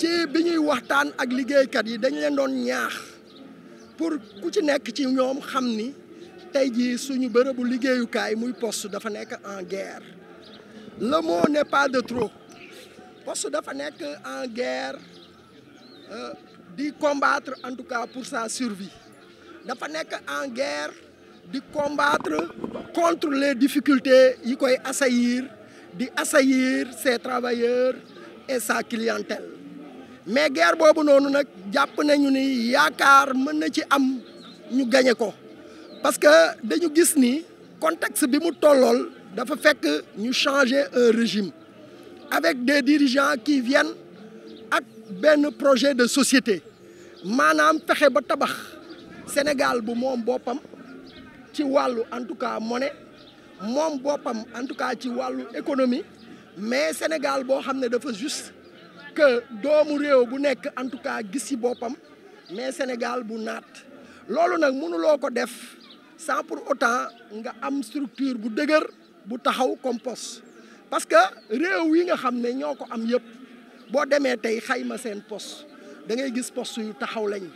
ci bi ñuy waxtaan ak liggéeykat yi dañ leen doon ñaax pour ku ci nekk ci ñoom xam ni tey jii suñu bërëbu liggéeyukaay muy post dafa nekk en guerre le mot n'est pas de trop poste dafa nekk en guerre euh, di combattre en tout cas pour sa survie dafa nekk en guerre di combattre contre les difficultés yi koy assaillir di assaillir ses travailleurs et sa clientèle mais guerre boobu noonu nag jàpp nañu ni yaakaar mën na ci am ñu gañe ko parce que dañu gis ni contexte bi mu tollool dafa fekk ñu changer un régime avec des dirigeants qui viennent ak benn projet de société maanaam fexe ba tabax Sénégal bu moom boppam ci wàllu en tout cas monnaie moom boppam en tout cas ci wàllu économie mais Sénégal boo xam ne dafa juste que doomu réew bu nekk en tout cas gis ci boppam mais Sénégal bu naat loolu nag mënuloo ko def sans pour autant nga am structure bu dëgër bu taxaw comme poste parce que réew yi nga xam ne ñoo ko am yëpp boo demee tey xayma seen poste da ngay gis poste yu taxaw lañ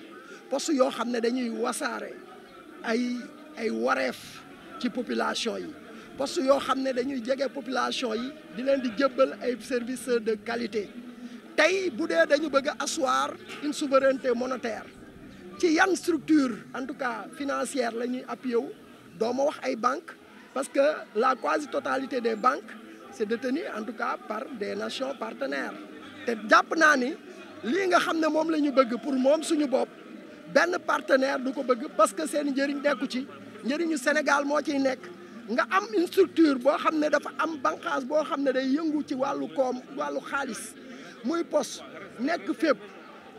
poste yoo xam ne dañuy wasaare ay ay wareef ci population yi poste yoo xam ne dañuy jege population yi di leen di jébbal ay service de qualité tey bu dee dañu bëgg a asseoir une souveraineté monétaire ci yan structure en tout cas financière la ñuy appuyé wu doo ma wax ay banques parce que la quasi totalité des banques c'est détenu en tout cas par de nation partenaires te jàpp naa ni lii nga xam ne moom la ñu bëgg pour moom suñu bopp benn partenaire du ko bëgg parce que seen njëriñ nekku ci njëriñu Sénégal moo ciy nekk nga am une structure boo xam ne dafa am banqaas boo xam ne day yëngu ci wàllu koom wàllu xaalis muy pos nekk fépp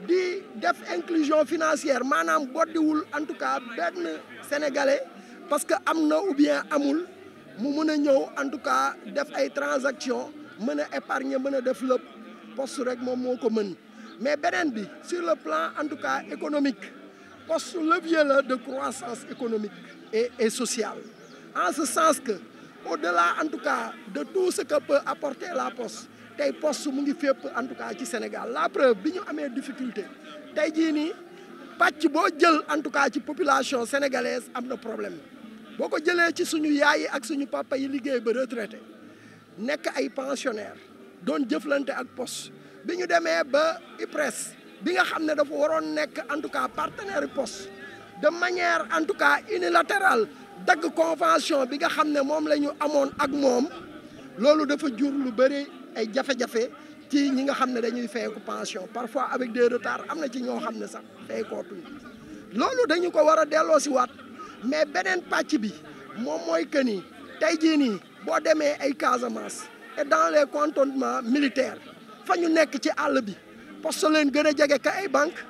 di def inclusion financière maanaam boddiwul en tout cas benn sénégalais parce que am na ou bien amul mu mën a ñëw en tout cas def ay transactions mën a épargner mën a def lépp poste rek moom moo ko mën mais beneen bi sur le plan en tout cas économique poste levier la de croissance économique et, et sociale. En ce sens que, au-delà en tout cas de tout ce que peut apporter la pos tey poste mu ngi fépp en tout cas ci Sénégal la preuve bi ñu amee difficulté tey jii nii pàcc boo jël en tout cas ci population sénégalaise am na problème boo ko jëlee ci suñu yaay yi ak suñu papa yi liggéey ba retraité nekk ay pensionnaire doon jëflante ak poste bi ñu demee ba IPRES bi nga xam ne dafa waroon nekk en tout cas partenaire poste de manière en tout cas unilatérale dagg konvention bi nga xam ne moom la ñu amoon ak moom loolu dafa jur lu bëri ay jafejafe jafe ci ñi nga xam ne dañuy fayeku pension parfois avec des retards am na ci ñoo xam ne sax fayekootuñ loolu dañu ko war a delloo si waat mais beneen pàcc bi moom mooy que ni tey jii nii boo demee ay Casamance et dans les cantonnements militaires fa ñu nekk ci àll bi poste leen gën a jege ka ay banque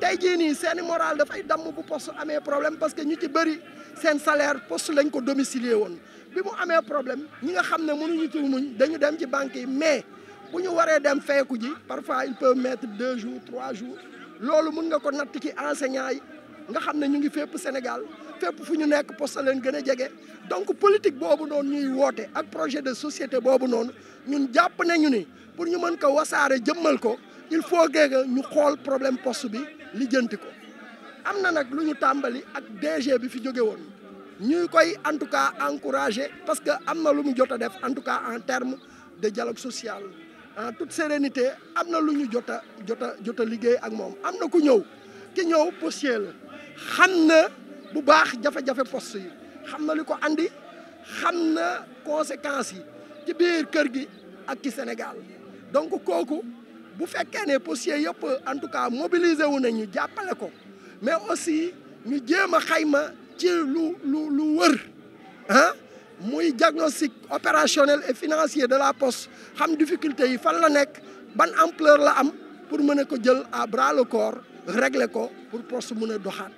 tey jii nii seen moral dafay damm bu poste amee problème parce que ñu ci bëri seen salaire poste lañ ko domicilier woon bi mu amee problème ñi nga xam ne mënuñu ci muñ dañu dem ci banque yi mais bu ñu waree dem feeku ji parfois il peut mettre deux jours trois jours loolu mën nga ko natt ci enseignant nga xam ne ñu ngi fépp Sénégal fépp fu ñu nekk poste leen gën a jege donc politique boobu noonu ñuy woote ak projet de société boobu noonu ñun jàpp nañu ni pour ñu mën ko wasaare jëmmal ko il faut que ñu xool problème post bi lijjanti ko am na nag lu ñu tàmbali ak DG bi fi jóge woon ñuy koy en tout cas encourager parce que am na lu mu jot a def en tout cas en terme de dialogue social en toute sérénité am na lu ñu jot a jot a jot a liggéey ak moom am na ku ñëw ki ñëw postier la xam na bu baax jafe-jafe poste yi xam na li ko andi xam na conséquences yi ci biir kër gi ak ki Sénégal donc kooku bu fekkee ne poussière yëpp en tout cas mobiliser wu nañ ñu jàppale ko mais aussi ñu jéem a xayma ci lu lu lu wër ah muy diagnostic opérationnel et financier de la poste xam difficulté yi fan la nekk ban ampleur la am pour mën a ko jël à bras le corps régler ko pour poste mën a doxaan